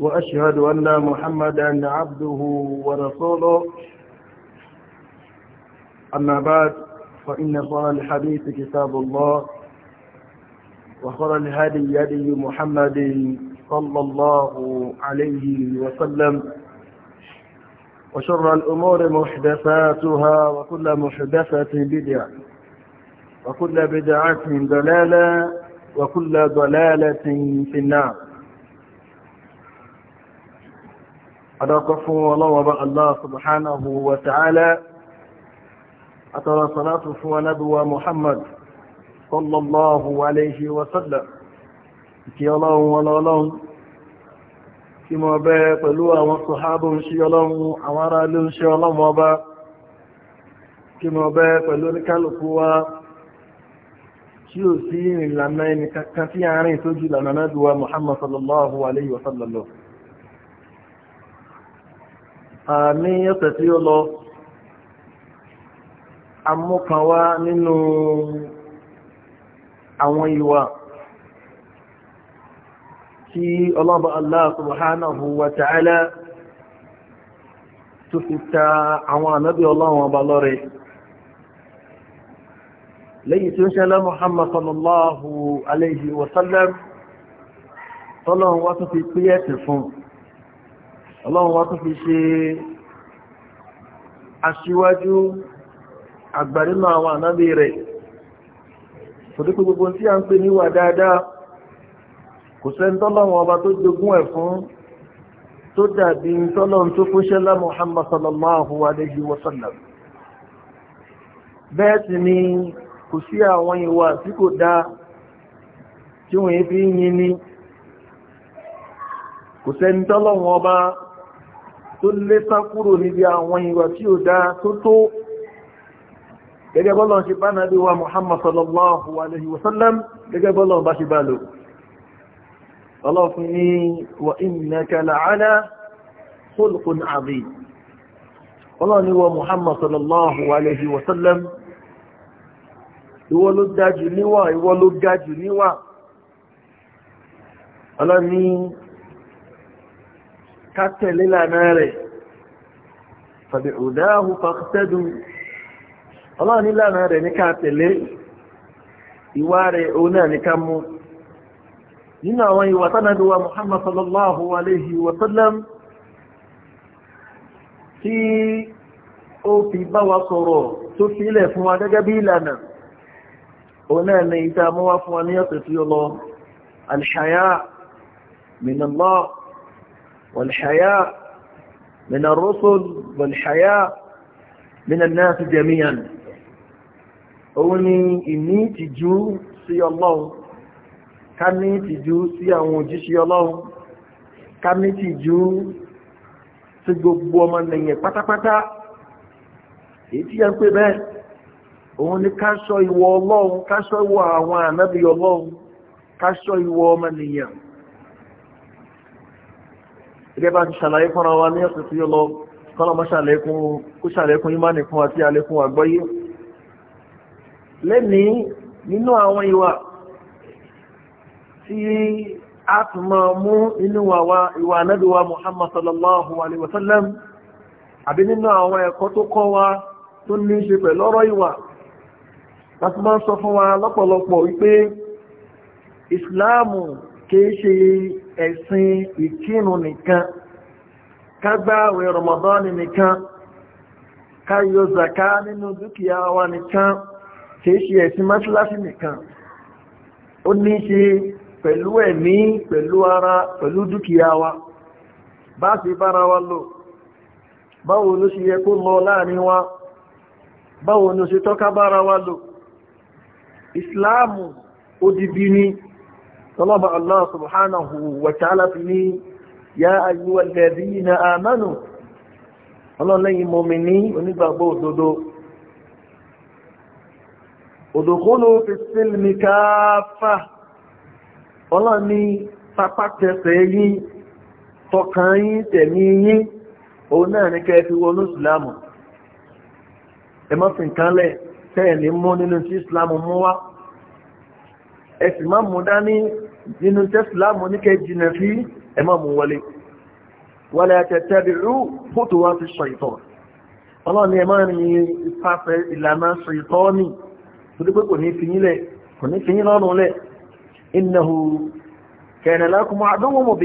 وأشهد أن محمدا عبده ورسوله أما بعد فإن خير الحديث كتاب الله وخير الهدي يدي محمد صلى الله عليه وسلم وشر الأمور محدثاتها وكل محدثة بدعة وكل بدعة ضلالة وكل ضلالة في النار adákọ́ fún ọlọ́wọ́bá Allah subhanahu wa ta'ala àtọ́rọ salatu fún anábíwa Muhammad sallallahu alaihi wa sallam kí ọlọ́run ọlọ́run kí mọ̀ bẹ́ pẹ̀lú àwọn sọ̀hábùn sí ọlọ́run àwọn ará ilé ń ọlọ́run ọba kí mọ̀ bẹ́ pẹ̀lú àmì ọ̀sẹ̀ tí ó lọ amúkanwá nínú àwọn ìwà tí ọlọ́bà Allah subhanahu wa ta'ala tó fi ta àwọn ànábí ọlọ́wọ̀n ọba lọ́rẹ̀ lẹ́yìn tí Muhammad sallallahu alayhi wa sallam tọ́lọ́run wá tó fi píyẹ̀ ọlọ́run wá tó fi ṣe aṣíwájú àgbàrínà àwọn ànábì rẹ̀ kò dípò gbogbo tí a ń pè níwà dáadáa kò sẹ́ntọ́lọ́wọ́n ọba tó jogún ẹ̀ fún tó dàbí tọ́lọ́run tó fúnṣẹ́lá Muhammad sallallahu alayhi wa sallam bẹ́ẹ̀ sì ni kò sí àwọn ìwà tí kò dáa tí wọ́n fi ń yin ni kò sẹ́ntọ́lọ́wọ́n ọba tó lé sá kúrò níbi àwọn ìwà tí ó dá tó tó gẹ́gẹ́ bọ́lọ̀ ṣe bá nàbí wa Muhammad sallallahu alaihi wasallam gẹ́gẹ́ bọ́lọ̀ bá ṣe bá lò ọlọ́fin ní wa innaka la'ala khulqun azim ọlọ́ Muhammad kátẹ̀lé lànà rẹ̀ fàbí òdáhù fàkútẹ́dù ọlọ́run ní lànà rẹ̀ ní kátẹ̀lé ìwà rẹ̀ òun náà ní ká mú nínú àwọn ìwà tánàdùwà muhammad sallallahu alayhi wa sallam tí ó fi والحياء من الرسل والحياء من الناس جميعا أوني إني تجو سي الله كاني تجو سي أوجي سي الله كاني تجو sí gbogbo ọmọ nìyẹn pátápátá èyí tí a ń pè bẹ́ẹ̀ òun ni ká ṣọ́ ìwọ ọlọ́run ká ṣọ́ ìwọ àwọn ànábì ọlọ́run ká ṣọ́ ìwọ ọmọ nìyẹn gẹ́gẹ́ bá ti ṣàlàyé fọ́nra wa ní ọ̀sẹ̀ tí ó lọ kọ́lọ̀mọ́ ṣàlékún ìmánì fún àti àlékún àgbọ́yé lẹ́ni nínú àwọn ìwà tí a tún máa mú inú ìwà anábíwa Muhammad sallallahu alaihi wasallam àbí nínú àwọn ẹ̀kọ́ tó kọ́ wa tó ní ṣe pẹ̀lú ìwà láti máa sọ fún wa lọ́pọ̀lọpọ̀ wípé ìsìláàmù kìí ṣe ẹ̀sìn ìkínu nìkan kágbáwẹ̀ Ramadan nìkan káyọ zaka nínú dúkìá wa nìkan kìí ṣe ẹ̀sìn mọ́ṣáláṣí nìkan ó ní ṣe pẹ̀lú ẹ̀mí pẹ̀lú ara pẹ̀lú dúkìá wa bá sì bára wa lò báwo ló ṣe yẹ kó lọ láàrin wa báwo ló ṣe tọ́ka bára wa lò ìsìláàmù odidi ni طلب الله سبحانه وتعالى فيه يا أيها الذين آمنوا الله لي مؤمنين ونبغبوا دودو ادخلوا في السلم كافة الله ني فاقتسيي فقاين تميي ona ni kẹ́ fi wọnú ìsìlámù ẹmọ́fin kanlẹ̀ tẹ́ẹ̀ ní mú nínú sí ìsìlámù mú nínú tẹ́sìlá mọ̀ ní kẹjìnà fi ẹmọ́ mú wọlé wọlé àtẹ̀tẹ̀bì rú fótó wá ti ṣọ̀ìtọ̀ ọlọ́run ni ẹmọ́ ni ìfàfẹ́ ìlànà ṣọ̀ìtọ́ ní torí pé kò ní fiyínlẹ̀ kò ní fiyín lọ́rùn lẹ̀ innahu kana lakum aduwwun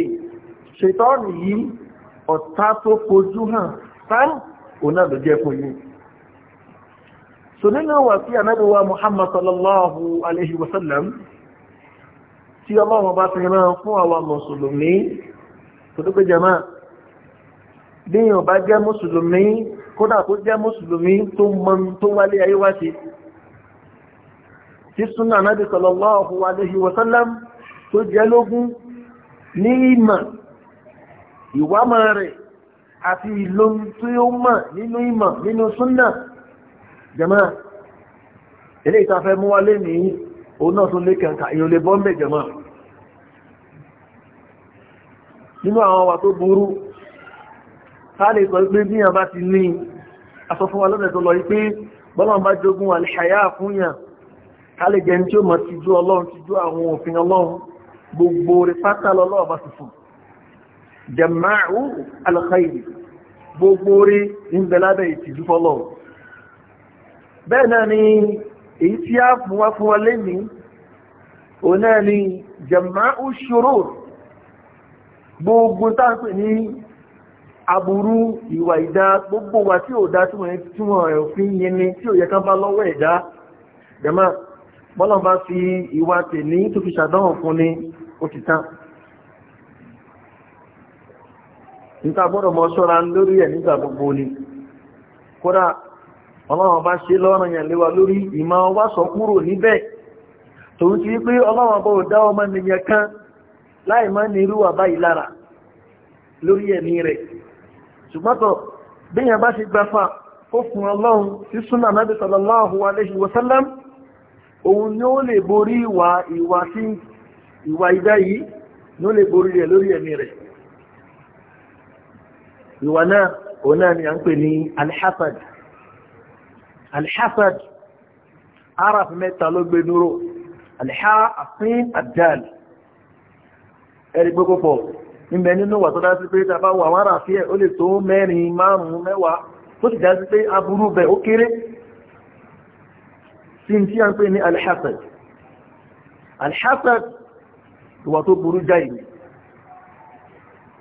so nínú wà sí anábíwá Muhammad sallallahu alaihi wasallam tí ọlọ́run bá fi rán fún àwa mùsùlùmí tó tó pé jẹmọ́ bíyàn bá jẹ́ mùsùlùmí kódà kó jẹ́ mùsùlùmí tó mọ tó wálé ayé wá sí tí súnà náàbì sallallahu alaihi wa sallam tó jẹ́ lógún ní ìmọ̀ ìwámọ̀ rẹ̀ ilé ìtafẹ́ mú wálé ní òun náà lé kẹta ìyọlẹ̀ bọ́m̀bẹ̀ jẹmọ́ nínú àwọn wà tó burú sáàlè sọ pé bí yàn bá ti ní aṣọ fún wa lọ́dẹ̀ tó lọ pé bọ́lọ́n bá jogún àlìṣàyà fún yàn káàlè jẹ́ ní tí ó mọ̀ ti jú ọlọ́run ti jú àwọn òfin ọlọ́run gbogbo rẹ̀ pátá lọ́lọ́run gbogbo táàpì ní aburú ìwà ìdá gbogbo wa tí ò dá tí wọ́n rẹ̀ fi ń yẹni tí ò yẹ ká bá lọ́wọ́ ẹ̀dá jẹ́mà bọ́lọ̀n bá fi ìwà tèní tó fi ṣàdánwò fún ni ó ti tán níta gbọ́dọ̀ mọ́ ṣọ́ra lórí ẹ̀ nígbà gbogbo ni kódà ọlọ́run bá ṣe lọ́rọ̀ yàn léwa lórí ìmọ̀ wá sọ kúrò níbẹ̀ tòun ti wípé bá ò dá ọmọ nìyẹn láì má ní irú àbá yìí lára lórí ẹ̀mí rẹ̀ ṣùgbọ́tọ̀ bíyàn bá ṣe gbafà ó fún ọlọ́run sí súnà náàbí sallallahu alayhi wa sallam òun ni ó lè borí ìwà sí ìwà ìdá yìí ni ó lè borí rẹ̀ lórí ẹ̀mí rẹ̀ ìwà náà òun náà ni à ń pè ní alhasad alhasad araf mẹ́ta ló gbé dúró alhasad àdáàlì ẹ̀rí pé púpọ̀ ìbẹ̀ nínú wà tó dá sí pé tàbá wà wọ́n rà fí ó lè tó mẹ́rin márùn-ún mẹ́wàá tó sì dá sí pé aburú bẹ̀ ó kéré sí tí a ń pè ní alhassad alhassad ìwà tó burú jáì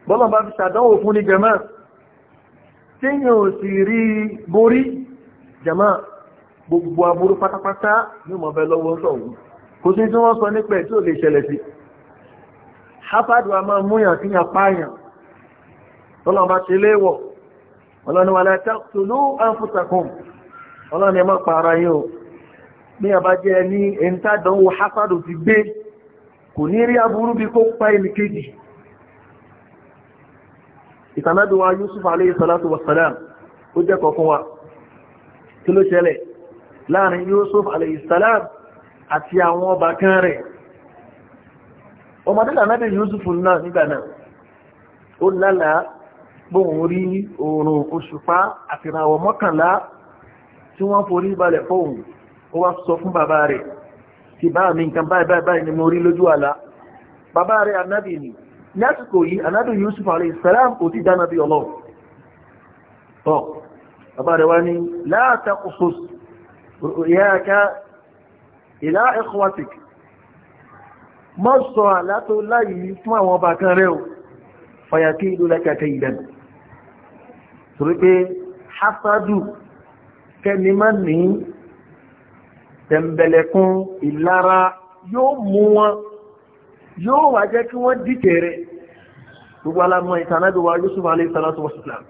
bọ́lọ̀ bá fi ṣàdánwò fún ní tí yíò sì rí borí gbogbo aburú pátápátá ní lọ́wọ́ kò sí hapadu a máa múyàn kí yàn páyàn tọ́lọ̀ bá ṣe léwọ̀ ọlọ́ni wà láti tọ́lú àǹfùsàkùn ọlọ́ni ẹ má pààrà yín o ní àbá jẹ́ ní ẹ̀ntàdánwò hapadu ti gbé kò ní rí aburú bí kó pa ẹni kejì ìtànádùwà Yusuf alayhi salatu wassalam ó jẹ́ kọ̀ọ̀kan wa kí ló Yusuf alayhi salam àti àwọn ọba ọmọdé lànàbí yusufu náà nígbà náà ó lálà bóun rí oòrùn òṣùpá àtìràwọ̀ mọ́kànlá tí wọ́n forí balẹ̀ fóun ó wá sọ fún bàbá rẹ̀ kì bá mi nǹkan báyìí báyìí ni mo rí lójú àlá bàbá rẹ̀ anábì ni ní àsìkò yìí anábì yusuf alayhi salam kò ti dáná bí ọlọ́run tọ́ bàbá ikhwatik mọ́ sọ àlá tó láyìí fún àwọn ọba kan rẹ̀ o fàyàkí ìlú lẹ́kẹ̀kẹ́ ìdẹ̀nù torí pé hasadu kẹni má ní tẹ̀m̀bẹ̀lẹ̀kún ìlara yóò mú wọn yóò wà jẹ́ kí wọ́n dìtẹ̀ rẹ̀ gbogbo alamọ ìtànàbí wa Yusuf alayhi salatu wasalam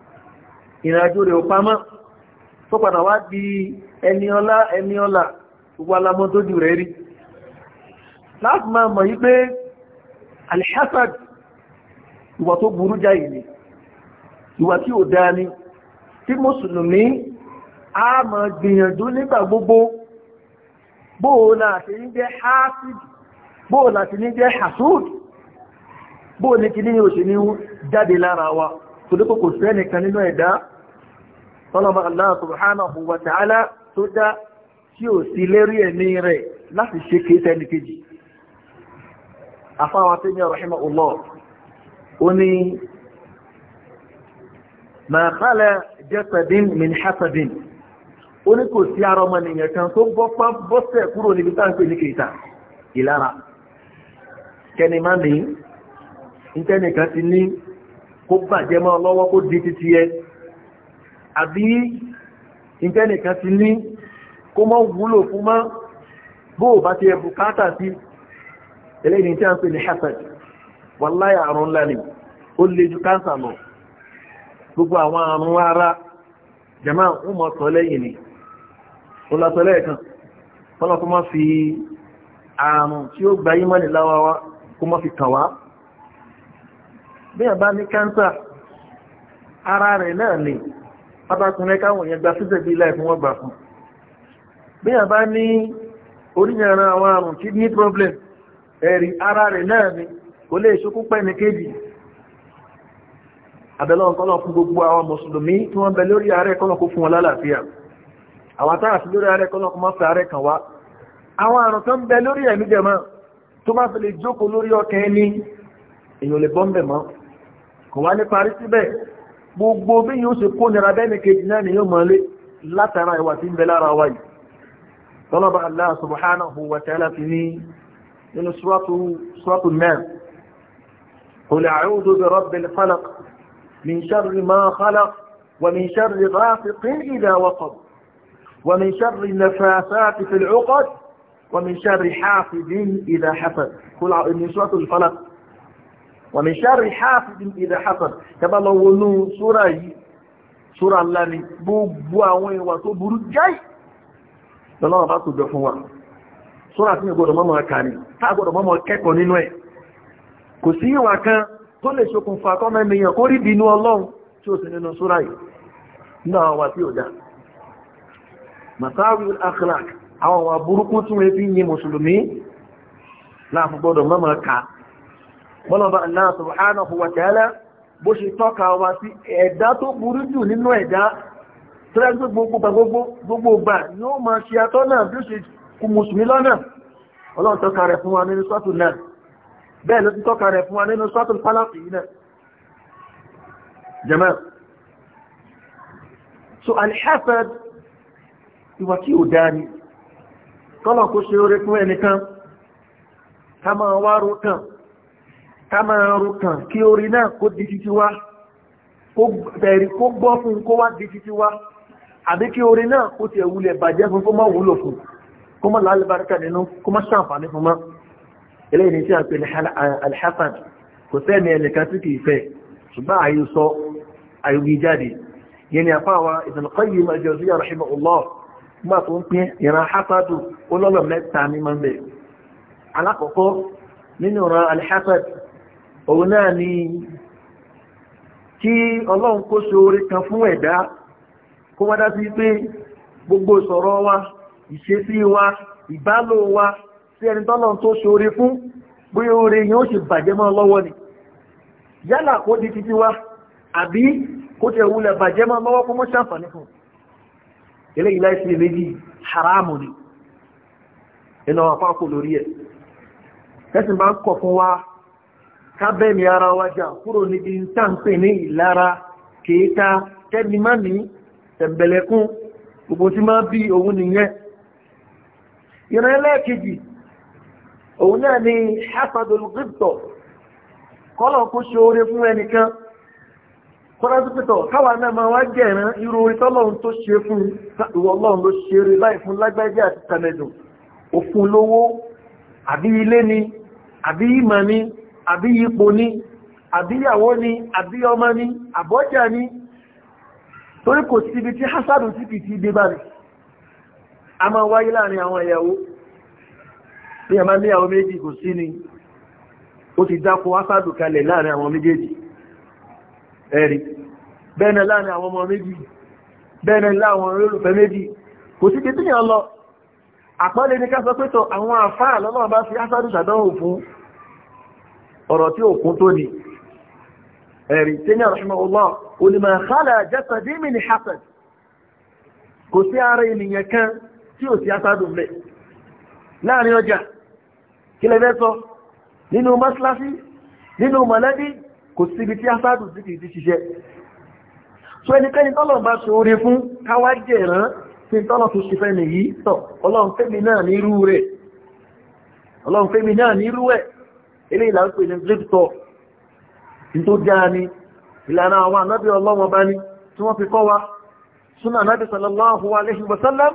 ìrìnàjò rẹ̀ òpamọ́ tó padà wá di ẹni ọlá ẹni ọlá gbogbo alamọ tó jù rẹ̀ rí láti máa mọ̀ yí pé alhasad ìwà tó burú jáì ni ìwà tí ò dáa ni tí mùsùlùmí a máa gbìyànjú nígbà gbogbo bóò náà ṣe ń jẹ́ hasid bóò náà ṣe ń jẹ́ hasud bóò ní kí ní òṣè ní jáde lára wa tó dípò kò sí ẹnìkan nínú ẹ̀dá tọ́lọ́mọ Allah subhanahu láti ṣe kéèsẹ́ ẹnìkejì afáwọn tẹ́mí rahimahullah ó ní ma khala jasadin min hasadin ó ní kò sí ara ọmọnìyàn kan tó bọ́pá bọ́sẹ̀ kúrò níbi táǹkì ní kìíta ìlara kẹni má ní ìtẹ́nìkan ti ní kó bàjẹ́ mọ́ lọ́wọ́ kó di títí ẹ àbí ìtẹ́nìkan ti ní kó mọ́ wúlò fún mọ́ bóò bá ti ẹ bùkátà sí eléyìí tí a ń pè ní hasad wàláyé àrùn ńlá ni ó lè ju káńsà lọ gbogbo àwọn àrùn ara jama ń mọ sọ lẹ́yìn ni ó lọ sọ lẹ́ẹ̀kan kọ́nà kó má fi àrùn tí ó gba yímọ́ níláwá wa kó má fi kàn wá bí a bá ní káńsà ara rẹ̀ náà ni pátákùnrin káwọn èèyàn gba sísẹ̀ bí láì fún wọn gbà fún bí a bá ní oríyànra àwọn àrùn kidney problem ẹ̀rí ara rẹ̀ náà ni kò lè ṣokú pẹ́ni kéjì abẹ́lọ́n kọ́lọ̀ fún gbogbo àwọn mùsùlùmí tí wọ́n bẹ lórí ààrẹ kọ́lọ̀ kó fún wọn lálàáfíà àwọn táàfí lórí ààrẹ kọ́lọ̀ kó máa fi ààrẹ kan wá látara ìwà tí ń bẹ lára wa yìí Allah subhanahu wa ta'ala fi ní nínú ṣúwọ́tù الناس قل أعوذ برب الفلق من شر ما خلق ومن شر غافق إذا وقب ومن شر النفاثات في العقد ومن شر حافد إذا حفظ قل من شر الفلق ومن شر حافد إذا حفظ كما لو ونو سورة سورة الله بو بو وين وتبرجاي lọ́lọ́wọ́ bá tó sọ́rọ̀ àti ìgbọ́dọ̀ mọ́mọ́ kàrí tágbọ́dọ̀ mọ́mọ́ kẹ́kọ̀ọ́ nínú ẹ̀ kò sí ìwà kan tó lè ṣokùnfà kọ́mọ́ ènìyàn kó rí bínú ọlọ́run tí ó sì nínú sọ́rọ̀ yìí náà wà tí ó dá masáwí akhlaq àwọn wà burúkú wa ta'ala bó ṣe tọ́ka wa sí ẹ̀dá tó burú jù nínú ẹ̀dá tó rẹ̀ gbogbo gbogbo gbogbo gbà ni ó máa ṣe atọ́nà bí ó ṣe kú mùsùlùmí lọ́nà ọlọ́run tọ́ka rẹ̀ fún wa nínú sọ́tù náà bẹ́ẹ̀ ló ti tọ́ka rẹ̀ fún wa nínú sọ́tù fálàfì yìí náà jẹ́mọ́ so alhafad ìwà tí ò dáa ni kọ́lọ̀ kó ṣe oore fún ẹnìkan ká máa wá rò kàn ká máa rò kàn kí orí náà kó di títí wá bẹ̀rì kó gbọ́ fún kó wá di wá àbí kí orí náà kó tiẹ̀ wulẹ̀ bàjẹ́ fún fún mọ́ wúlò fún kó mọ́ lálùbáríkà nínú kó mọ́ ṣàǹfààní fún mọ́ eléyìí ni tí a pè ní alhassan kò sẹ́ni ẹnìkan tí kìí fẹ́ ṣùgbọ́n àyè sọ àyè jáde yẹn ni àfáwa Ibn Qayyim al-Jawziyya rahimahullah má tó ń pín ìran hasadu olóòlò mẹ́ta ní máa ń bẹ̀ alákọ̀ọ́kọ́ nínú ìran alhassad òun náà ni kí ọlọ́run kó ṣe oore kan fún ẹ̀dá kó wá dá sí pé gbogbo sọ̀rọ̀ wa ìṣesí wa ìbálò wa sí ẹni tọ́lọ̀ tó ṣoore fún bí oore yẹn ó sì bàjẹ́ mọ́ lọ́wọ́ ni yálà kó di títí wa àbí kó tẹ̀ wulẹ̀ bàjẹ́ mọ́ lọ́wọ́ fún eléyìí ni ẹnà àpapọ̀ lórí ẹ̀ tẹ́sì máa ń kọ̀ fún wa kábẹ́mi ara wa jà kúrò níbi táǹpẹ̀ ní ìlara kèéta tẹ́ni gbogbo tí máa bí òun nìyẹn ìran ẹlẹ́ẹ̀kejì òun náà ni hasadul gíptọ̀ kọ́lọ̀ kó ṣe oore fún ẹnìkan kọ́lọ́sípítọ̀ káwà náà máa wá jẹ̀rán irú orí tọ́lọ́run tó ṣe fún ìwọ̀ ọlọ́run ló ṣe rí láì fún lágbájá àti tàmẹ̀dùn òfun lówó àbí ilé ni àbí ìmọ̀ ni àbí ipò ni àbí ìyàwó ni àbí ọmọ ni àbọ́jà ni torí kò síbi tí hasadu ti fi ti dé báyìí a máa wáyé láàrin àwọn ìyàwó ní ẹ̀má ní àwọn méjì kò sí ni ó ti dákọ ásádù kalẹ̀ láàrin àwọn méjèèjì ẹ̀rí bẹ́ẹ̀nẹ̀ láàrin àwọn ọmọ méjì bẹ́ẹ̀nẹ̀ láwọn olólùfẹ́ méjì kò sí kí tíyàn lọ àpọ́lẹ̀ ní kásọ pẹ́tọ̀ àwọn àfáà lọ́nà bá fi ásádù sàdánwò fún ọ̀rọ̀ kò sí ara ènìyàn kan tí ò sí asádùn bẹ̀ láàrin ọjà kí lẹ fẹ́ sọ nínú mọ́ṣáláṣí nínú mọ̀lẹ́bí kò síbi tí asádùn sí kìí ti ṣiṣẹ́ so ẹnikẹ́ni tọ́lọ̀ bá ṣe oore fún káwá jẹ̀rán tí tọ́lọ̀ tó ṣe fẹ́ nìyí tọ̀ ọlọ́run fẹ́mi náà nírú rẹ̀ ọlọ́run fẹ́mi náà wa súnà anábì sallallahu alaihi wasallam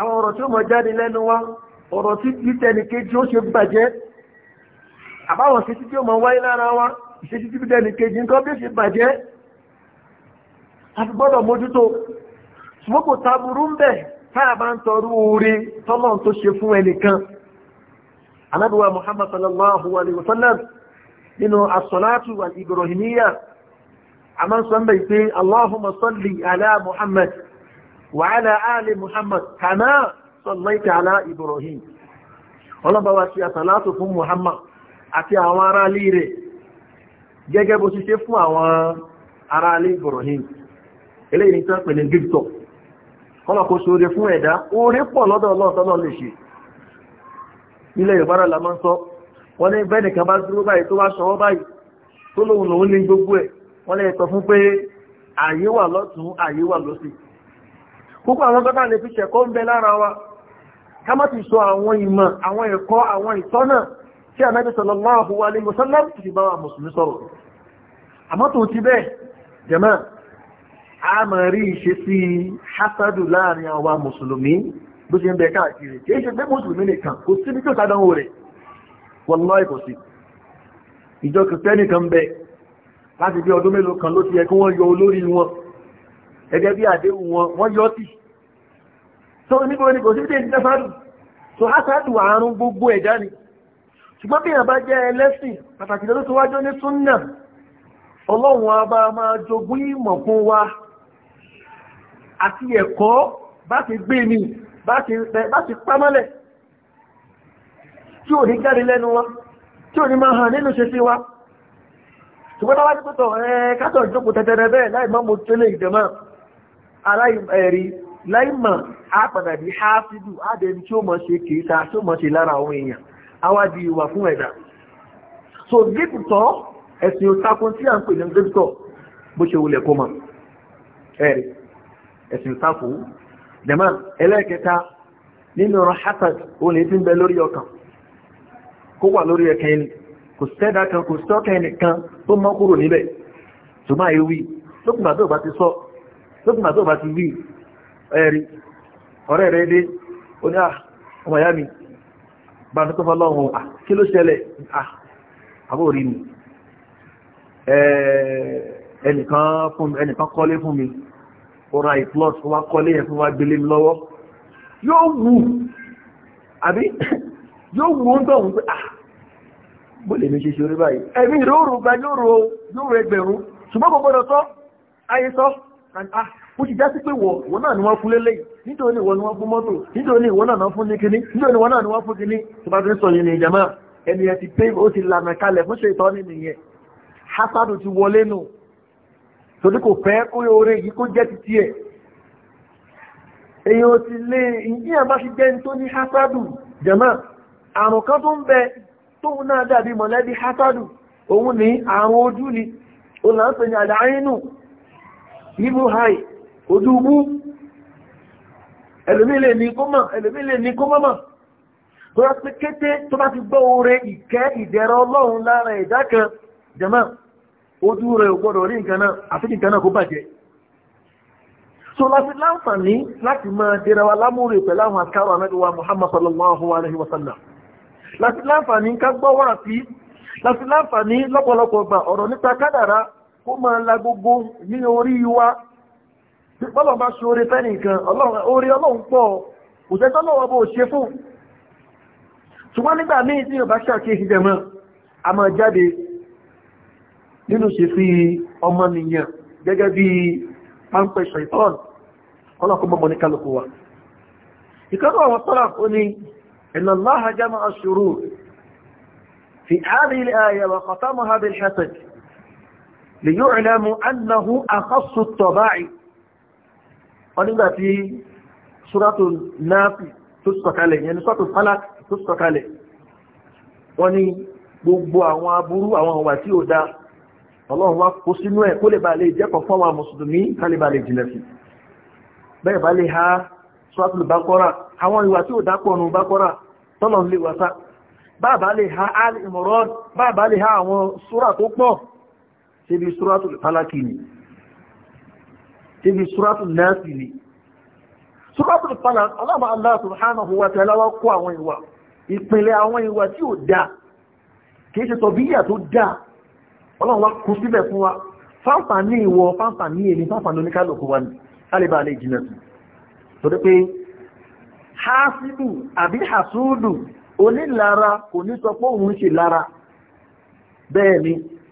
àwọn ọ̀rọ̀ tí ó mọ̀ jáde lẹ́nu wa ọ̀rọ̀ tí títẹnìkejì ó ṣe bàjẹ́ àbáwọn sí títí ó mọ̀ wáyé lára wa ìṣe títí títẹnìkejì ń kọ́ bí ó ṣe bàjẹ́ àti gbọ́dọ̀ mójútó ṣùgbọ́kò taburú ń bẹ̀ táà bá ń tọrú oore tọ́lọ́n tó ṣe fún ẹnìkan anábíwá Muhammad sallallahu alaihi wasallam nínú as-salatu ibrahimiyya a máa ń sọ ń bẹ̀ Allahumma salli ala Muhammad وعلى آل محمد كما صليت على إبراهيم ọlọ́ba wa ṣe àtàlátò fún Muhammad àti àwọn ará ilé rẹ̀ gẹ́gẹ́ bó ti ṣe fún àwọn ará ilé Ibrahim eléyìí ní tán pẹ̀lú gígbọ́ ọlọ́kọ́ ṣoore fún ẹ̀dá oore pọ̀ lọ́dọ̀ ọlọ́ọ̀tọ́lọ́ lè ṣe nílẹ̀ Yorùbá la máa sọ wọ́n ní gbogbo wà púpọ̀ àwọn tọ́ta lè fi ṣẹ̀kọ́ ń bẹ lára wa ká má ti sọ àwọn ìmọ̀ àwọn ẹ̀kọ́ àwọn ìtọ́nà tí ànábì sallallahu alaihi wasallam ti bá wa mùsùlùmí sọ̀rọ̀ àmọ́ tó ti bẹ́ẹ̀ jẹ́mọ́ a mọ̀ rí ìṣe sí hasadu láàrin àwa mùsùlùmí bó ṣe ń bẹ káàkiri kì í ṣe pé mùsùlùmí nìkan kò síbi gẹ́gẹ́ bí àdéhùn wọn wọ́n yọ́ tì tó níbo ni kò sí dé ìdílé fádù tó gbogbo ẹ̀dá ni ṣùgbọ́n bí bá jẹ́ ẹlẹ́sìn pàtàkì lọ́dún tó wájọ́ ní súnnà ọlọ́run a bá máa jogún ìmọ̀ fún wa àti ẹ̀kọ́ bá ti gbé mi bá ti pámọ́lẹ̀ tí wa tí ò ní máa hàn nínú ṣe sí wa ṣùgbọ́n tó wájú pẹ́tọ̀ ìjókòó tẹ́tẹ́rẹ bẹ́ẹ̀ aláìmẹ̀rí láìmọ̀ àpàdà a háfídù ádẹni tí ó mọ̀ ṣe kìíta tí ó mọ̀ ṣe lára àwọn èèyàn awádi ìwà fún ẹ̀dà so débùtọ́ ẹ̀sìn òtakun tí a ń pè ní débùtọ́ bó ṣe wulẹ̀ kó mọ̀ ẹ̀rí ẹ̀sìn òtakun dẹ̀mọ́ ẹlẹ́ẹ̀kẹta kan lókùnbà tó bá ti sọ lókùnmà tó bá ti wí ẹ̀rí ọ̀rẹ́ rẹ̀ dé ó ní ọmọ ìyá mi bá ní tó fọ́lọ́hun kí ló ṣẹlẹ̀ àbó rí mi ẹnìkan kọ́lé fún mi ó ra ìplọ́t fún wa kọ́lé yẹn fún wa gbélé mi lọ́wọ́ yóò wù àbí yóò wù ó ń tọ̀ wù pé ah bó lè mi ṣe ṣe orí báyìí ẹ̀mí ìró òrùn gba yóò ro ẹgbẹ̀rún ṣùgbọ́n kò gbọ́dọ̀ sọ ayé sọ ó ah, ti já sí pé wọ̀ náà ni wọ́n fún lélẹ̀ nítorí ìwọ ni wọ́n fún mọ́tò nítorí ìwọ náà fún ní kíní nítorí ìwọ náà ni wọ́n fún kíní tó bá ti ń sọ yìí ní ìjàmá ẹni ẹ ti pé ó ti lànà kalẹ̀ fún ṣe ìtọ́ ní nìyẹn hasadu ti wọlé nù torí kò fẹ́ kó oore yìí kó jẹ́ titi ẹ̀ èyàn ti lé ìyíyàn bá ti jẹ́ tó ní hasadu jàmá àrùn kan tó ń bẹ tóun náà dàbí mọ̀lẹ́bí hasadu òun ní àrùn ojú ni òun là ń pè ní àdáyínù ibú haì ojú ubú ẹlòmílẹ̀ ní kó mọ̀ ẹlòmílẹ̀ ní kó mọ̀mọ̀ tó rá pé kété tó bá ti gbọ́ oore ìkẹ́ ìdẹ̀rọ ọlọ́run lára ẹ̀dá kan jẹ́mọ́ ojú rẹ̀ ò gbọ́dọ̀ rí nǹkan náà àfi kí nǹkan náà kó bàjẹ́ so láti láǹfààní láti máa dẹ̀rẹ̀ wa lámúre pẹ̀lú àwọn akárò anábíwá sallallahu alaihi wasallam kó máa la gbogbo ní orí wa bọ́lọ̀ bá ṣe oore fẹ́ni nǹkan oore ọlọ́run pọ̀ òṣèṣọ́ lọ́wọ́ bó ṣe fún ṣùgbọ́n nígbà míì tí yorùbá ṣàkíyèsí jẹ̀mọ́ a máa jáde nínú ṣe fi ọmọ nìyàn gẹ́gẹ́ bí pàǹpẹ̀ ṣàìtọ́n ọlọ́kọ̀mọ́mọ́ ní kálukú wa ìkọ́nà àwọn sọ́lá ó ní inna Allaha jama'a ash fi hadhihi al-aya wa khatamaha ليعلم أنه أخص الطباع ونبقى سورة الناف تسقط عليه يعني سورة الفلق تسقط عليه وني gbogbo àwọn aburú àwọn ọ̀wà tí ó dá ọlọ́run wá kó sínú ẹ̀ kó lè bá lè jẹ́kọ̀ fọ́wà mùsùlùmí ká lè bá lè jìnà sí bẹ́ẹ̀ bá lè ha sọ́tùlù bákọ́rà síbi suratul falaki ni síbi suratul nasi ni suratul falaki ọlọ́mọ Allah subhanahu wa ta'ala wá kó àwọn ìwà ìpìnlẹ̀ àwọn ìwà tí ò dáa kìí ṣe tọ̀bíyà tó dáa ọlọ́run wá kú síbẹ̀ fún wa fáǹfà ní ìwọ fáǹfà ní èmi fáǹfà ní oníkálùkù wa ní alẹ́bà alẹ́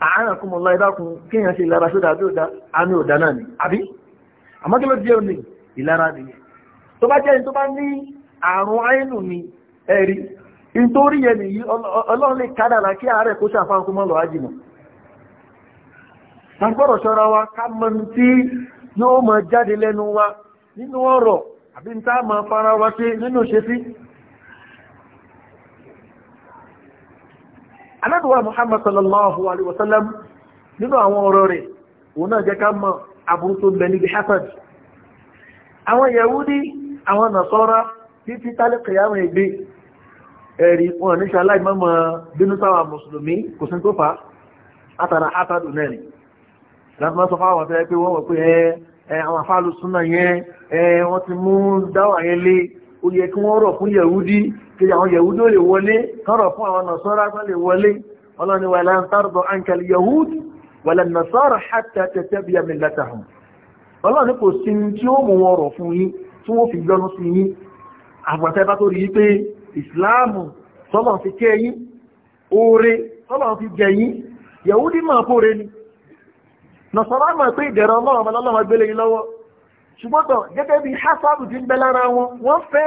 àárín kúmọ̀ lọ ìdákun kí èèyàn ṣe ìlara sódà tó dá àmì òdà náà ni àbí àmọ́ kí ló jẹ́ òní ìlara nìyẹn tó bá jẹ́ ní tó bá ní àrùn àìnù ni ẹ̀rí nítorí yẹn nìyí ọlọ́run lè kádàrà kí ààrẹ kó ṣàfáàkú mọ́ lọ ájìmọ̀ tàgbọ́rọ̀ ṣọ́ra wa ká mọ̀ tí yóò mọ jáde lẹ́nu wa nínú ọ̀rọ̀ àbí ní tá a máa fara wa ṣe nínú ṣe sí alábìwá muhammad sallallahu alaihi wasallam nínú àwọn ọ̀rọ̀ rẹ̀ òun náà jẹ́ ká mọ̀ aburú tó bẹ níbi hasad àwọn yahudi àwọn nasọ́ra títí tálẹ̀ kìyàmù ìgbé ẹ̀rí wọn ní ṣàlá ìmọ́mọ̀ bínú sáwà mùsùlùmí kò sí tó fà látara hasad nẹ́rin láti máa sọ fáwọn kí àwọn yahudó lè wọlé kọ́rọ̀ fún àwọn nasọ́rá tán lè wọlé ọlọ́ni wà láń tàrọ̀dọ̀ ankal yahud wà lẹ́n nasọ́rọ̀ hàtà tẹ́tẹ́ bí ẹmi látàhùn ọlọ́ni kò sí tí ó mú wọn rọ̀ fún yín ṣùgbọ́n gẹ́gẹ́ bí hasabu ti ń bẹ lára wọn wọ́n fẹ́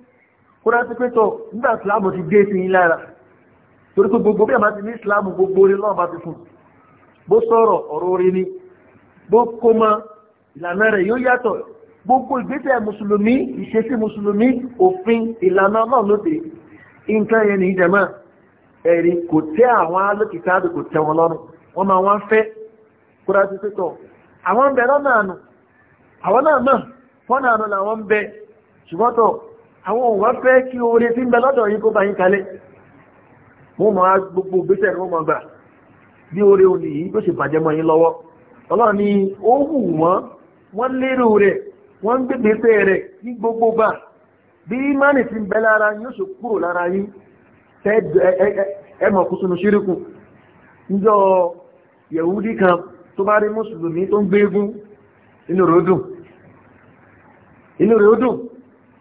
kúrá sí pé tó nígbà ìsìláàmù ti gé sí yín lára torí pé gbogbo bí àmà ti ní ìsìláàmù gbogbo orí náà bá ti fún bó sọ̀rọ̀ ọ̀rọ̀ orí ni bó kó mọ ìlànà rẹ̀ yóò yàtọ̀ gbogbo ìgbésẹ̀ mùsùlùmí ìṣesí mùsùlùmí òfin ìlànà náà lóde nǹkan yẹn ní ìjàmà ẹ̀rí kò tẹ́ àwọn alókìtà àdó kò tẹ́ wọn lọ́rùn wọ́n máa wọ́n fẹ́ kúrá pé tó àwọn ń bẹ lọ́nà àná àwọn náà náà fọ́nà àná làwọn ń bẹ ṣùgbọ́n tó àwọn òwà fẹ́ kí oore tí ń bẹ lọ́dọ̀ yìí kó bá yín kalẹ̀ gbogbo gbésẹ̀ ló mọ̀ gbà bí oore òní yìí tó ṣe bàjẹ́ mọ́ yín lọ́wọ́ ni ó hù wọ́n wọ́n lérò rẹ̀ wọ́n ń rẹ̀ ní gbogbo gbà bí ti bẹ lára yóò ṣe kúrò lára kú sunu ṣíríkù kan tó bá rí mùsùlùmí tó ń gbé egun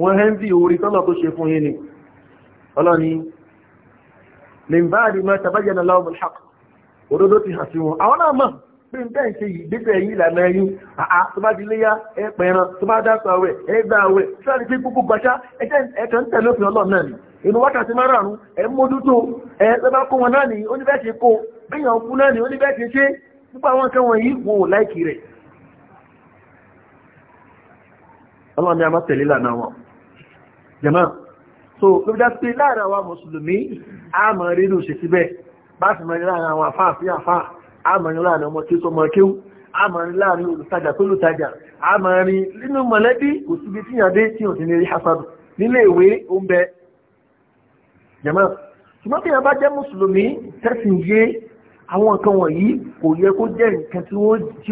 wọ́n hẹ́ ń bí orí tọ́lọ̀ tó ṣe fún yín ni ọlọ́ni lè bá àdì máa tàbájẹ́nà láwọn alhaq òdodo ti hàn sí wọn àwọn náà mọ̀ pé ń bẹ́ẹ̀ ṣe yìí gbígbẹ́ yìí ìlànà ẹ̀yìn àá tó bá di léyà ẹ pẹ̀ran tó bá dáṣọ àwẹ̀ ẹ gbà àwẹ̀ sọ́ọ́ni pé gbogbo gbàṣá ẹ̀kẹ́ ń tẹ̀lé òfin ọlọ́run náà ni inú wákàtí márùn-ún ẹ a máa tẹ̀lé lànà wọn jẹ̀mọ́ so ló bí dáṣe láàrin àwọn mùsùlùmí àmọ̀ rírù ṣe síbẹ̀ bá sì mọ̀rin láàrin àwọn afá àfí àfá àmọ̀rin láàrin ọmọ kí ó sọmọ kéwú àmọ̀rin láàrin olùtajà tó lùtajà àmọ̀rin nínú mọ̀lẹ́bí kò síbi tí yàn dé tí ò sí ní rí hasadu nílé ìwé oúnbẹ jẹ̀mọ́ ṣùgbọ́n tí yàn bá jẹ́ mùsùlùmí tẹ́sìn yé àwọn nǹkan wọ̀nyí kò yẹ kó jẹ́ nǹkan tí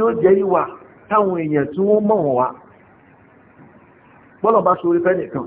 ó jẹ́ ìwà táwọn èèyàn tí wọ́n mọ̀ wọ́n wá bọ́lọ̀ bá ṣorí fẹ́ nìkan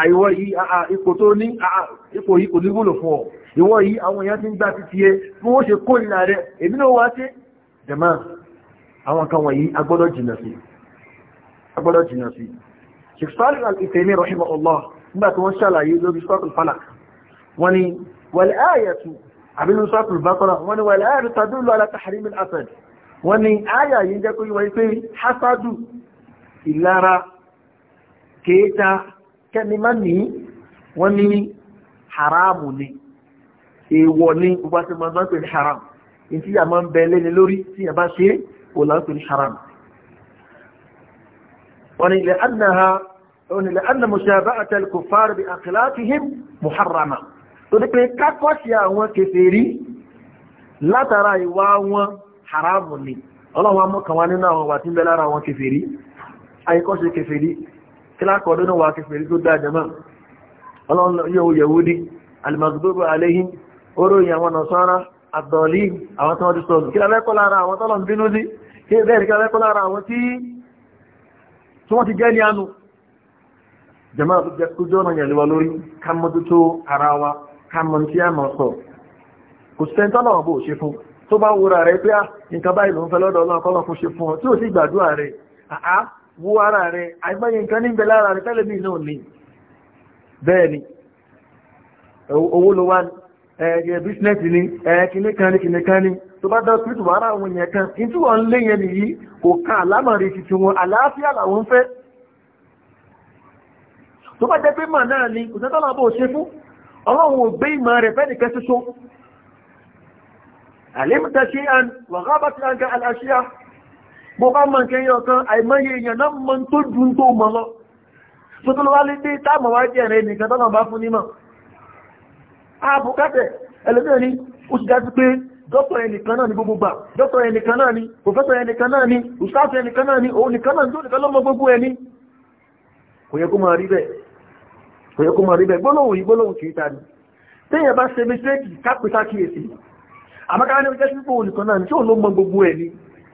àìwọ yìí ipò tó ní ipò yìí kò ní wúlò fún ọ ìwọ yìí àwọn èèyàn ti ń gbá títí ẹ bí wọ́n ṣe kó ìlà rẹ èmi náà wá sí jẹ̀mọ́ àwọn kan wọ̀nyí agbọ́dọ̀ jìnà sí agbọ́dọ̀ jìnà sí ṣìṣàlì al-Ithaymi rahimahullah nígbà tí wọ́n ṣàlàyé lórí sọ́kùl falak wọ́n ni ìlara kéta kẹ́ni má ní wọ́n ní haramu ni èèwọ̀ ni gbogbo àti ọmọ máa ń pè ní haram ní tí yàrá máa ń bẹ lẹ́ni lórí tí yàrá bá ṣe kò là ń pè ní haram. wọ́n ní ilẹ̀ annaha wọ́n ní ilẹ̀ ọlọ́run amọ́kànwá nínú àwọn wà tí ń bẹ lára àwọn kèfèrí àyíkọ́ sí kèfèrí kíláàkọ̀ ọdún náà wà kèfèrí tó dáa jẹmọ́ ọlọ́yẹ̀wò yẹ̀wúdí alìmọ̀gbogbo aléhìn oróyìn àwọn nọ̀sánra àdọ̀lì àwọn tó wọ́n ti sọ̀rọ̀ kí lẹ́kọ́ lára àwọn tọ́lọ̀ ń bínú sí kí bẹ́ẹ̀rẹ̀ kí lẹ́kọ́ lára àwọn tí wọ́n ti jẹ́ ní àánú jẹmọ́ àkójọ́ ọ̀nà yẹ̀lúwa lórí ká mọ́tútó ara wa ká mọ́ tí a rẹ̀ pé ah, wo ara rẹ̀ àìgbáyé nǹkan ní ìbẹ̀ lára rẹ̀ tẹ́lẹ̀mí náà ní bẹ́ẹ̀ ni owó ló wá ẹ̀ẹ́gẹ̀ bísínẹ́sì ni ẹ̀ẹ́kìní kan ní kìní kan ní tó bá dán pítù wàrà àwọn èèyàn kan ní tí wọ́n ń lé yẹn nìyí kò kan àlámọ̀rí titi bó bá mọ̀ kẹyẹ ọ̀kan àìmọye èèyàn náà mọ́ tó dùn tó mọ́ lọ tó tó lọ́wọ́ lé dé táàmù wá jẹ́ rẹ̀ nìkan tọ́nà bá fún nímọ̀ àbùkátẹ̀ ẹlẹ́mìíràn ni ó ti dájú pé ni gbogbo gbà dọ́tọ̀ ni pòfẹ́sọ̀ ẹnìkan ni ìsáàfẹ́ ni òun nìkan náà tó nìkan lọ́mọ gbogbo ẹni kò yẹ kó máa rí bẹ́ẹ̀ kò yẹ kó máa rí bẹ́ẹ̀ gbólóhùn yìí gbólóhùn kì ni téèyàn bá ṣe mistake kápẹ́sákìyèsí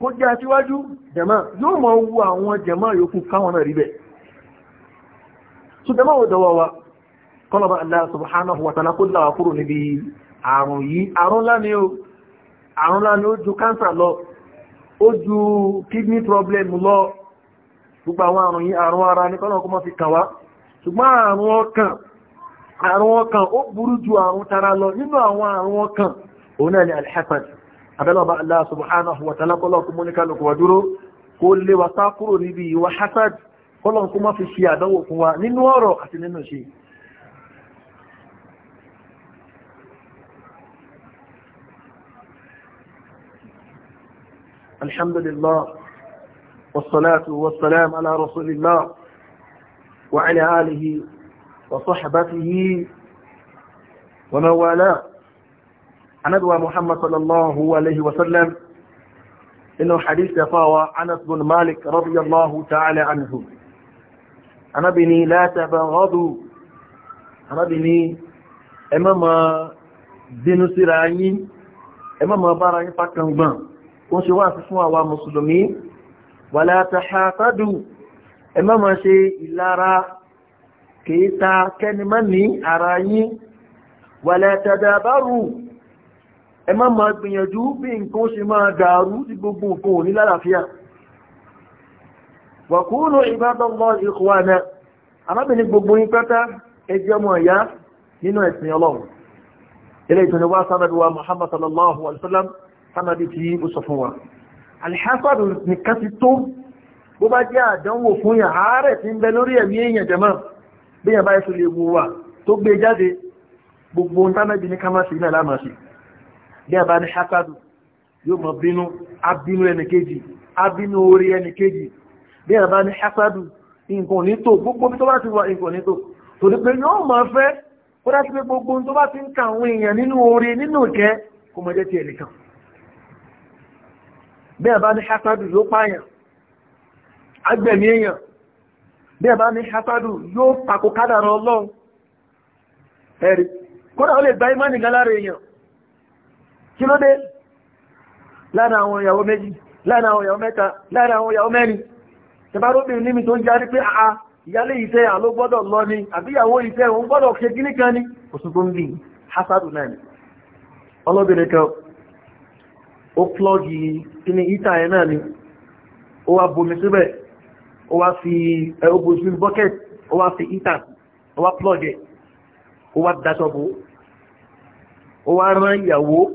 kó jẹ́ aṣíwájú jẹ̀mọ́ yóò mọ̀ wu àwọn jẹ̀mọ́ yòókù káwọn náà rí bẹ̀ ṣùgbọ́n mọ́ dọ̀wọ́ wa kọlọ̀bà Allah subhanahu wa ta'ala kó dáwà kúrò níbi àrùn yìí àrùn ńlá ni ọkàn ó burú ju àrùn tara lọ nínú àwọn àrùn ọkàn òun náà ni alhafad abẹ́lọ́ba Allah subhanahu wa ta'ala kọ́lọ̀ kú múníkà lókùn wa dúró kó lè wa sá kúrò níbi ìwà hasad kọ́lọ̀ kú má fi ṣe àdánwò fún wa nínú ọ̀rọ̀ àti nínú ṣe wa ala anábíwá muhammad sallallahu alaihi wasallam inú hadith ya fáwa anas bin malik radiyallahu ta'ala anhu anábí ni látàbàrọ́dù anábí ni ẹ má ma bínú síra yín ẹ má ma bára yín fàkàngbọ̀n ó ṣe wá sí fún àwa mùsùlùmí wà látàhátàdù ẹ má ma ṣe ìlara kìí ta kẹ́ni má ní ara yín wà látàdàbárù ẹ má máa gbìyànjú bí nǹkan ṣe máa dàrú sí gbogbo nǹkan òní lálàáfíà wàkúrò ìbádọ́gbọ́ ìkọwà náà arábìnrin gbogbo yín pẹ́tẹ́ ẹjẹ́ ọmọ ìyá nínú ẹ̀sìn ọlọ́run ilé ìtọ́ni wá sábàbí wa muhammad sallallahu alaihi wasallam sábàbí tí ó sọ fún wa alhassan nìkan ti tó bó bá jẹ́ àdánwò fún yàn ààrẹ tí ń bẹ gbogbo ń ní ká má sí náà lámàá bí a bá ní hakadu yóò mọ̀ bínú abínú ẹnìkejì abínú orí ẹnìkejì bí a bá ní hakadu nǹkan nítò gbogbo tó bá ti wà nǹkan nítò torí pé yóò mọ̀ fẹ́ kó dá sí pé gbogbo tó bá ti ń ka àwọn èèyàn nínú orí nínú ìkẹ́ kó mọ̀ jẹ́ ti ẹnìkan bí a bá ní hakadu yóò pààyàn agbẹ̀mí èèyàn bí a bá ní hakadu yóò pàkó kádàrà ọlọ́run ẹ̀rí kódà ó lè gba ìmánì gan lára èèyàn kí ló dé lára àwọn ìyàwó méjì lára àwọn ìyàwó mẹ́ta lára àwọn ìyàwó mẹ́rin tẹbáróbìnrin níbi tó ń járí pé àà ìyálé ìfẹ́ àló gbọ́dọ̀ lọ ni àbíyàwó ìfẹ́ òun gbọ́dọ̀ ṣe gíní kan ní oṣù o ń bí hasadu náà ni ọlọ́bìnrin kan ó plọ́gì kíní ìta ẹ̀ náà ni ó wá bomi síbẹ̀ ìyàwó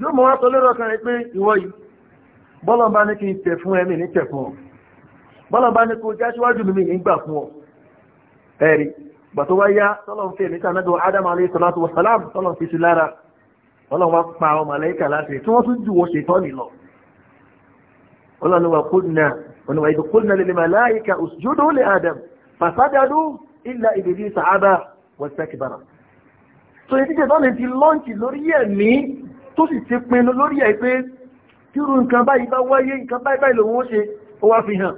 yóò mọ̀ wá sọ lérò ọkàn rẹ̀ pé ìwọ yìí bọ́lọ̀n bá ní kí n tẹ̀ fún ẹ̀mí ní tẹ̀ fún ọ bọ́lọ̀n bá ní kó já síwájú mi ní gbà fún ọ ẹ̀rí gbà tó wá yá tọ́lọ̀n fẹ́ níta náà adam alayhi salatu wa salam tọ́lọ̀n fi sí lára ọlọ́run wá pa ọmọ màláíkà láti tí wọ́n tún tó sì ti pinnu lórí ẹ̀ pé tírú nǹkan báyìí bá wáyé nǹkan báyìí báyìí lòun ó ṣe ó wá fi hàn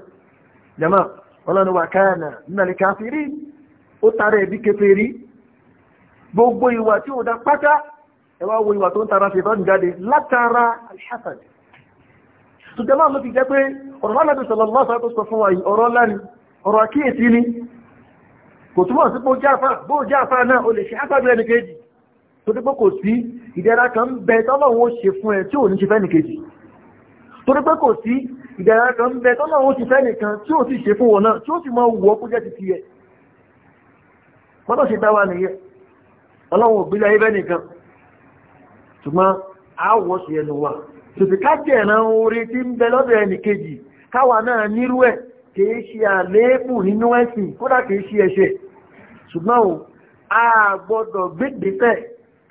jama ọlọ́nu wà káànà nílẹ̀ káfírí ó tara ẹ̀bí kèfèrí gbogbo ìwà tí ó dá pátá ẹ wá wo ìwà tó ń tara ṣètọ́nù jáde látara alhassan tùjọmọ́ ló fi jẹ́ pé ọ̀rọ̀ torí pé kò sí ìdẹ̀ra kan bẹ tọ́lọ́run ó ṣe fún ẹ tí ò ní ṣe fẹ́ni kejì torí pé kò sí ìdẹ̀ra kan bẹ tọ́lọ́run ó ṣe fẹ́ni kan tí ò sì ṣe fún wọn tí ó sì mọ wọ́ kó jẹ́ ti ti ẹ̀ mọ́tò ṣe dá nìyẹn ọlọ́run ò gbélé nìkan a wọ́ sí ẹnu wa tòtí ká jẹ̀ràn orin tí ń bẹ lọ́dọ̀ ẹnì kejì káwa náà nírú ẹ̀ kìí ṣe a gbọ́dọ̀ gbégbé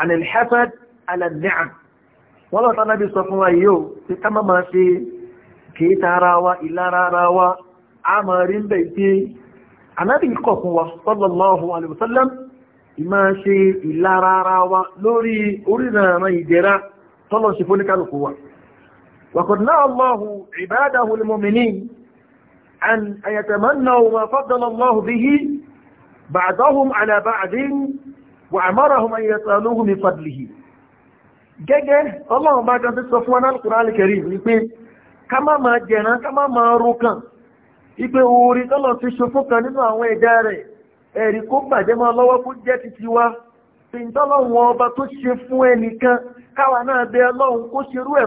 alẹ́lẹ́hẹ́fẹ́d alẹ́lẹ́hàn wọ́n lọ́ta náà bí sọ fún wa yíò tí ká máa ṣe kìíta ara wa ìlara ara wa a ma rí ń bẹ̀ pé anábì kọ̀ fún wa sallallahu alaihi wasallam ìmá ṣe ìlara wa lórí orílẹ̀-èdè ìdẹ̀ra tọ́lọ̀ ṣe fún الله عباده المؤمنين أن يتمنوا ما فضل الله به بعضهم على بعض wa amarahum an yasaluhu min fadlihi gẹ́gẹ́ ọlọ́run bá jọ́sí sọ fún Al-Qur'an Al-Karim wípé ká má ma ka. ká má máa rú kàn wípé orí tọ́lọ̀ ti ṣofó kan nínú àwọn ẹ̀dá rẹ̀ ẹ̀rí kó bàjẹ́ máa lọ́wọ́ kó jẹ́ títí ń ọba tó ṣe fún ẹnìkan káwa náà bẹ ọlọ́run kó ẹ̀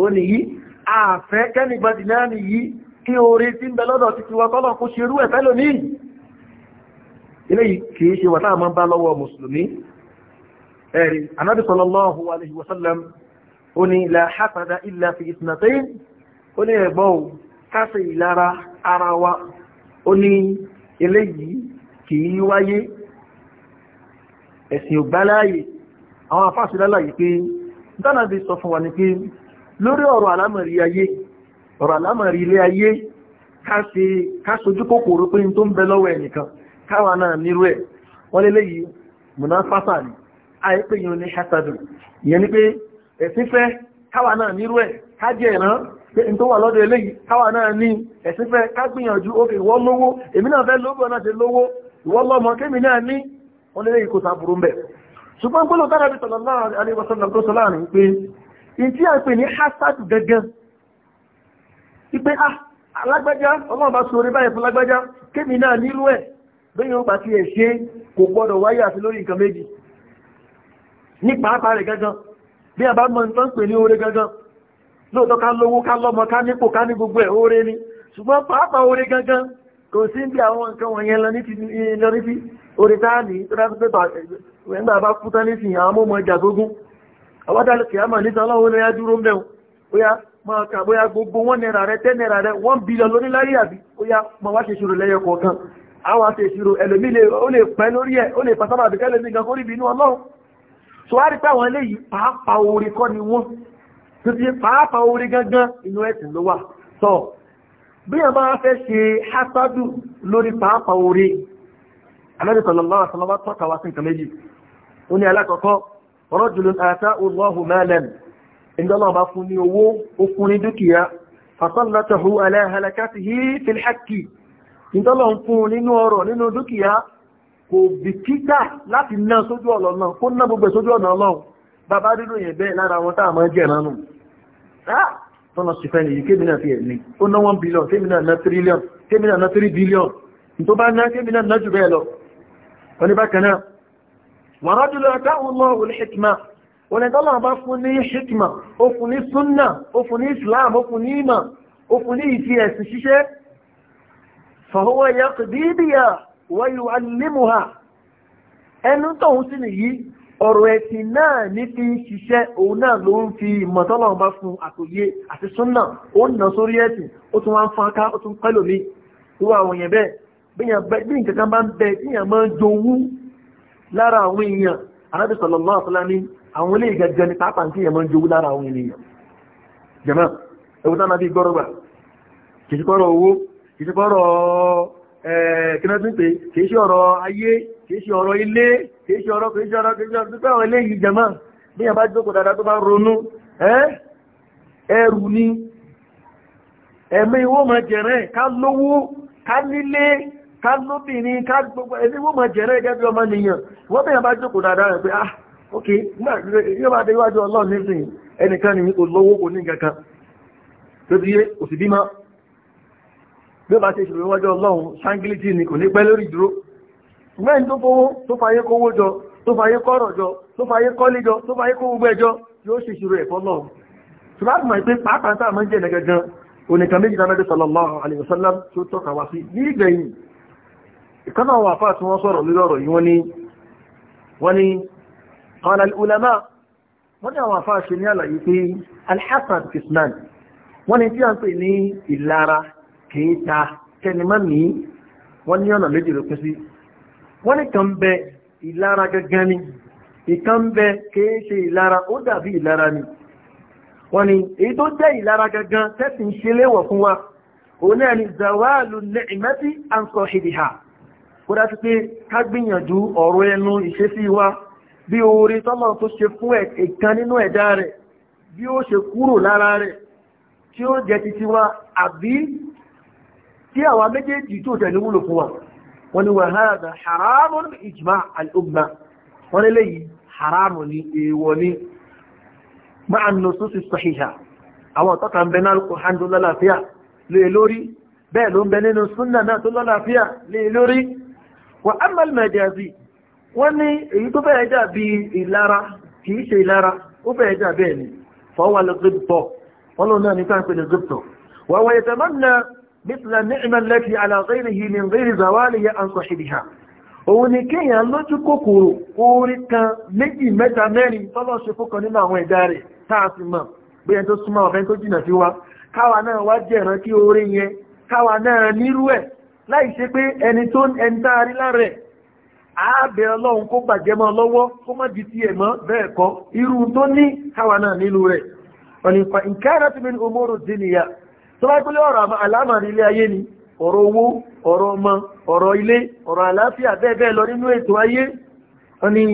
ó nìyí àfẹ́ kẹ́nìgbọ́dì náà nìyí kí oore tí ń bẹ lọ́dọ̀ ti ti wá tọ́lọ̀ kó ṣe irú ẹ̀fẹ́ lónìí ilé yìí kìí ṣe wà táà máa ń bá lọ́wọ́ mùsùlùmí ẹ̀rí anábì sallallahu alaihi wasallam ó ní la hasada illa fi lórí ọ̀rọ̀ alámọ̀rí ayé ọ̀rọ̀ alámọ̀rí ilé ayé ká kòkòrò pé n tó ń bẹ lọ́wọ́ ẹnìkan káwa náà nírú ẹ̀ wọ́n lé léyìí munafasa ni àìpé yìí ní hasadu ìyẹn ni pé ẹ̀sìn fẹ́ káwa náà nírú ẹ̀ ká jẹ́ pé n tó wà lọ́dọ̀ eléyìí káwa náà ní ẹ̀sìn ká gbìyànjú ókè buru in tí a ń pè ní hasad gangan ipé alágbájá ọlọ́ọ̀bá sórí báyìí fún lágbájá kémi náà nílú ẹ̀ bẹ́yìn ọgbà tí ẹ̀ ṣe kò gbọ́dọ̀ wáyé àti lórí nǹkan méjì ní pàápàá rẹ̀ gangan bí a bá mọ̀ nǹkan pè ní oore gangan lóòtọ́ ká lówó ká lọ́mọ ká nípò ká ní gbogbo ẹ̀ oore ni ṣùgbọ́n pàápàá oore gangan àwádàlẹ̀ kìyàmà ní sọ́lọ́wọ́ ní ajúrò mẹ́un óyá máa kà bóyá gbogbo wọ́n nẹ́ra rẹ̀ tẹ́ nẹ́ra rẹ̀ wọ́n bílọ̀ lórí láyé àbí óyá ma wá ṣe ṣòro lẹ́yọ kọ̀ọ̀kan àwọn àti ìṣirò ẹlòmí ó lè pẹ́ lórí ẹ̀ ó lè pàtàkì àbí kẹ́lẹ̀mí gan kórìbí inú ọlọ́run tó wá rí pé àwọn eléyìí pàápàá orí kọ́ ni wọ́n tó ti pàápàá orí gangan inú ẹ̀sìn ló wà sọ bí rajulun ata'u Allahu malan inda Allah bá fún ní owó ó fún ní dúkìá fasallatahu ala halakatihi fil haqqi inda Allah fún nínú ọrọ̀ nínú dúkìá kò bìkítà láti ná sójú ọ̀nà náà kó ná gbogbo sójú ọ̀nà Ọlọ́run bàbá rírò yẹn bẹ́ẹ̀ lára wọn táà máa wàrọ́dúnlọ́ adáhùnlọ́ olùhìtìmá onítọ́lọ́ bá fún ní hìtìmá ó fún ní súnnà ó fún ní islam ó fún ní ìmà ó fún ní ìfi ẹ̀sìn ṣiṣẹ́ fọwọ́ ya kìdídìyà wáyú alímùhà ẹnu tóun sì nìyí ọ̀rọ̀ ẹ̀sìn náà ní fi ń ṣiṣẹ́ òun náà ló ń fi ìmọ̀tọ́lọ́ bá fún àtòyé àti súnnà ó ń nà sórí ẹ̀sìn ó tún wá ń fọ́nká ó tún pẹ́lòmí irú àwọn èèyàn bẹ́ẹ̀ bí nǹkan kan bá ń bẹ tí èèyàn máa ń jowú lára àwọn èèyàn arábì sallallahu alaihi wasallam ní àwọn ilé ìgẹ̀gẹ̀ ní pápá tí ẹ̀mọ́ jowú lára àwọn ènìyàn jẹ̀mọ́ ẹwù tánà bí gbọ́rọ̀ gbà kìí kọ́rọ̀ owó kìí kọ́rọ̀ kìnnàtúnpé kìí ṣe ọ̀rọ̀ ayé kìí ṣe ọ̀rọ̀ ilé kìí ṣe ọ̀rọ̀ kìí ṣe ọ̀rọ̀ kìí ṣe ọ̀rọ̀ pípẹ́ àwọn ká lóbìnrin ká gbogbo ẹbí wọ́n mọ̀ jẹ́rẹ́ gẹ́gẹ́ bí ọmọ nìyàn wọ́n bẹ̀rẹ̀ bá jókòó dáadáa rẹ̀ pé ah ok yóò bá dé iwájú ọlọ́run nísìn ẹnìkan ni kò lówó kò ní kankan tó ti yé kò sì bímọ bí ó bá ṣe ṣòro iwájú ọlọ́run sángílítì ni kò ní pẹ́ lórí ìdúró mẹ́rin tó fowó tó fayé kówó jọ tó fayé kọ́rọ̀ jọ tó fayé kọ́lé jọ tó fayé kówó gbẹ́ jọ yóò ṣe ìṣòro ẹ̀fọ́ lọ́run ṣùgbọ́n àti mọ̀ pé pàápàá sáà máa ń jẹ́ ẹ̀nà gangan onìkan méjì dáná dé sallallahu alaihi wasallam tó tọ́ka wá sí ní ìgbẹ̀yìn ìkánà àwọn àfáà tí wọ́n sọ̀rọ̀ lórí ọ̀rọ̀ yìí wọ́n ní wọ́n ní qala ulama wọ́n ní àwọn àfáà ṣe ní àlàyé pé alhassan kisnan wọ́n ní tí a ń pè ní ìlara kìíta kẹnimá ní wọ́n ní ọ̀nà méjì lópin sí wọ́n ní kan bẹ ìlara gangan ni ìkan bẹ kìí ìlara ó dàbí ìlara ni wọ́n ní èyí tó jẹ́ ìlara gangan tẹ́sí ṣe léwọ̀ fún wa òun náà ni zawalu ni'mati an sahibiha kó dájú pé ká gbìyànjú ọ̀rọ̀ ẹnu ìṣesí wa bí oore tọ́lọ̀ tó ṣe fún ẹ̀kan nínú ẹ̀dá rẹ̀ bí ó ṣe kúrò lára rẹ̀ tí ó jẹ́ titi wa àbí tí àwa méjèèjì tó tẹ̀lé wúlò fún wa wọ́n ni wà hádà lórí bẹ́ẹ̀ ló ń bẹ nínú súnnà náà tó lálàáfíà lè lórí wà amal majazi wọ́n ní èyí tó fẹ́ẹ̀ dàbí ìlara kìí ṣe ìlara ó fẹ́ẹ̀ dàbí ẹni fọwọ́ lọ gbẹ́bọ̀ wọ́n lọ náà ní ká ń pè ní gbẹ́bọ̀ wà wà yatamanna mithla ni'ma allati ala ghayrihi min ghayri zawaliha an sahibiha òun ni kéèyàn lójú kòkòrò orí kan méjì mẹ́ta mẹ́rin láì ṣe pé ẹni tó ẹni tá a rí lárẹ̀ ààbẹ̀ ọlọ́run kó bàjẹ́ mọ́ lọ́wọ́ kó má ti ẹ̀ bẹ́ẹ̀ kọ́ irú tó ní káwa náà nílò rẹ̀ ọ̀nì ìfà ìkẹ́rẹ́ tó ní omoro dín tó bá gbélé ọ̀rọ̀ ni ọ̀rọ̀ owó ọ̀rọ̀ ọmọ ọ̀rọ̀ ilé ọ̀rọ̀ àlàáfíà bẹ́ẹ̀ lọ nínú ètò ayé ọ̀nì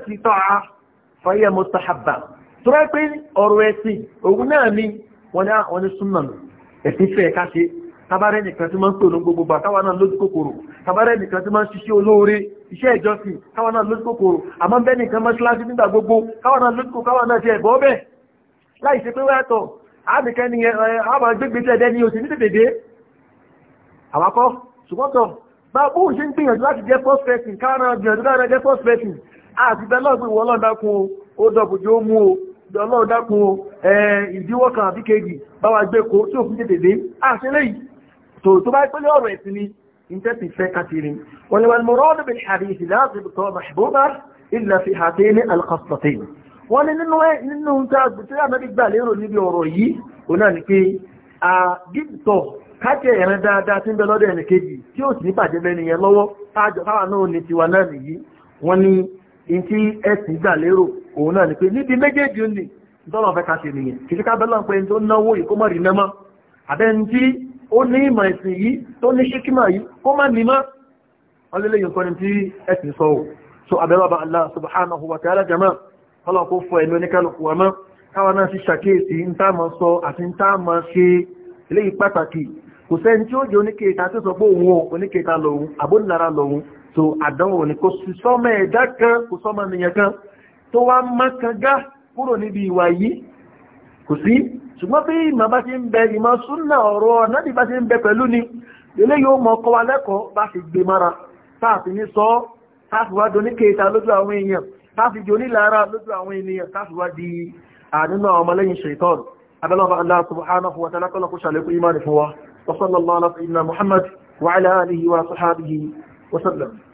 ti fàyẹ̀ mọ́tàhàbà tó rẹ́ pé ọ̀rọ̀ ẹ̀sìn òun náà ni wọ́n ní súnmọ̀ ẹ̀sìn fẹ́ ká ṣe tabarẹ́ nìkan tí máa ń pèrò gbogbo gbà káwa náà lójú kòkòrò tabarẹ́ nìkan tí máa ń ṣiṣẹ́ olóore iṣẹ́ ìjọsìn káwa náà lójú kòkòrò àmọ́ bẹ́ẹ̀ nìkan mọ́ṣáláṣí nígbà gbogbo káwa náà lójú kòkòrò káwa náà ti ẹ̀bọ́ bẹ́ẹ̀ láì pé wẹ́ẹ̀tọ̀ àbìkẹ́ ni àwọn gbégbé tẹ́ẹ̀dẹ́ ni òsì ní tètè dé àwakọ́ ṣùgbọ́n bá bóun ṣe ń gbìyànjú láti jẹ́ first person káwa náà gbìyànjú láti jẹ́ first person àti bẹ́lọ́gbìn wọ́n lọ́dákun ó dọ̀bùjó mú o lọ́dákun ìdíwọ́ kan àbí kejì báwa gbé kó tí ó fi tètè dé àṣẹlẹ̀ yìí tó tó bá pẹ́lẹ́ ọ̀rọ̀ ẹ̀sìn ni ìtẹ́tì fẹ́ kàtìrì wọ́n mahbuba illa fi hàtẹ́ ní alkhasatain wọ́n ni nínú nínú tí a gbùtí àmẹ́rí gbà lérò níbi ọ̀rọ̀ yìí ó náà ni pé a gígbìtọ̀ kájẹ̀ ẹ̀rẹ́ dáadáa tí ń bẹ lọ́dọ̀ ẹnì tí ó sì ní bàjẹ́ bẹ́ni yẹn lọ́wọ́ tájọ fáwọn náà ní tiwa náà nìyí wọ́n ni in tí ẹ̀sìn gbà lérò òun náà ni pé níbi méjèèjì ní dọ́lọ̀ fẹ́ ká ṣe nìyẹn kì í ká bẹ́lọ̀ pé tó náwó yìí kó mọ̀ rí ná àbẹ́ni tí ó ní ìmọ̀ ẹ̀sìn yìí tó ní ṣíkímà sọ ò so abẹ́rọ̀bà Allah subhanahu wa jama kọ́lọ̀ kó fọ ẹ̀mí oníkálukú wa mọ́ káwa náà sì ṣàkíyèsí ń tá sọ àti ń tá mọ ṣe eléyìí pàtàkì kò sẹ́ni tí ó jẹ́ oníkèéta tó sọ pé òun so àdánwò ni kò sí sọ́mọ̀ ẹ̀dá kan kò sọ́mọ̀ nìyẹn kan tó wá mọ́kangá kúrò níbi ìwà yìí kò sí ṣùgbọ́n bí ìmọ̀ bá ti ń bẹ ìmọ̀ súnà ọ̀rọ̀ náàbí bá ti ń bẹ pẹ̀lú ni ilé yóò mọ̀ kọ́ wa lẹ́kọ̀ọ́ bá ti gbé mara táàfi ní sọ táàfiwájú oníkèta lójú àwọn èèyàn táàfijú onílára lójú wa ta'ala kọ́lọ̀kú wa wa wa ala alihi wa sahbihi وسلم